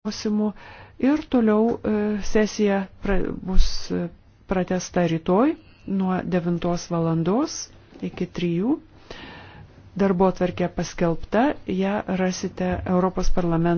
klausimų ir toliau e, sesija pra, bus e, pratesta rytoj nuo 9 valandos iki 3. Darbo tvarkė paskelbta, ją rasite Europos parlamento.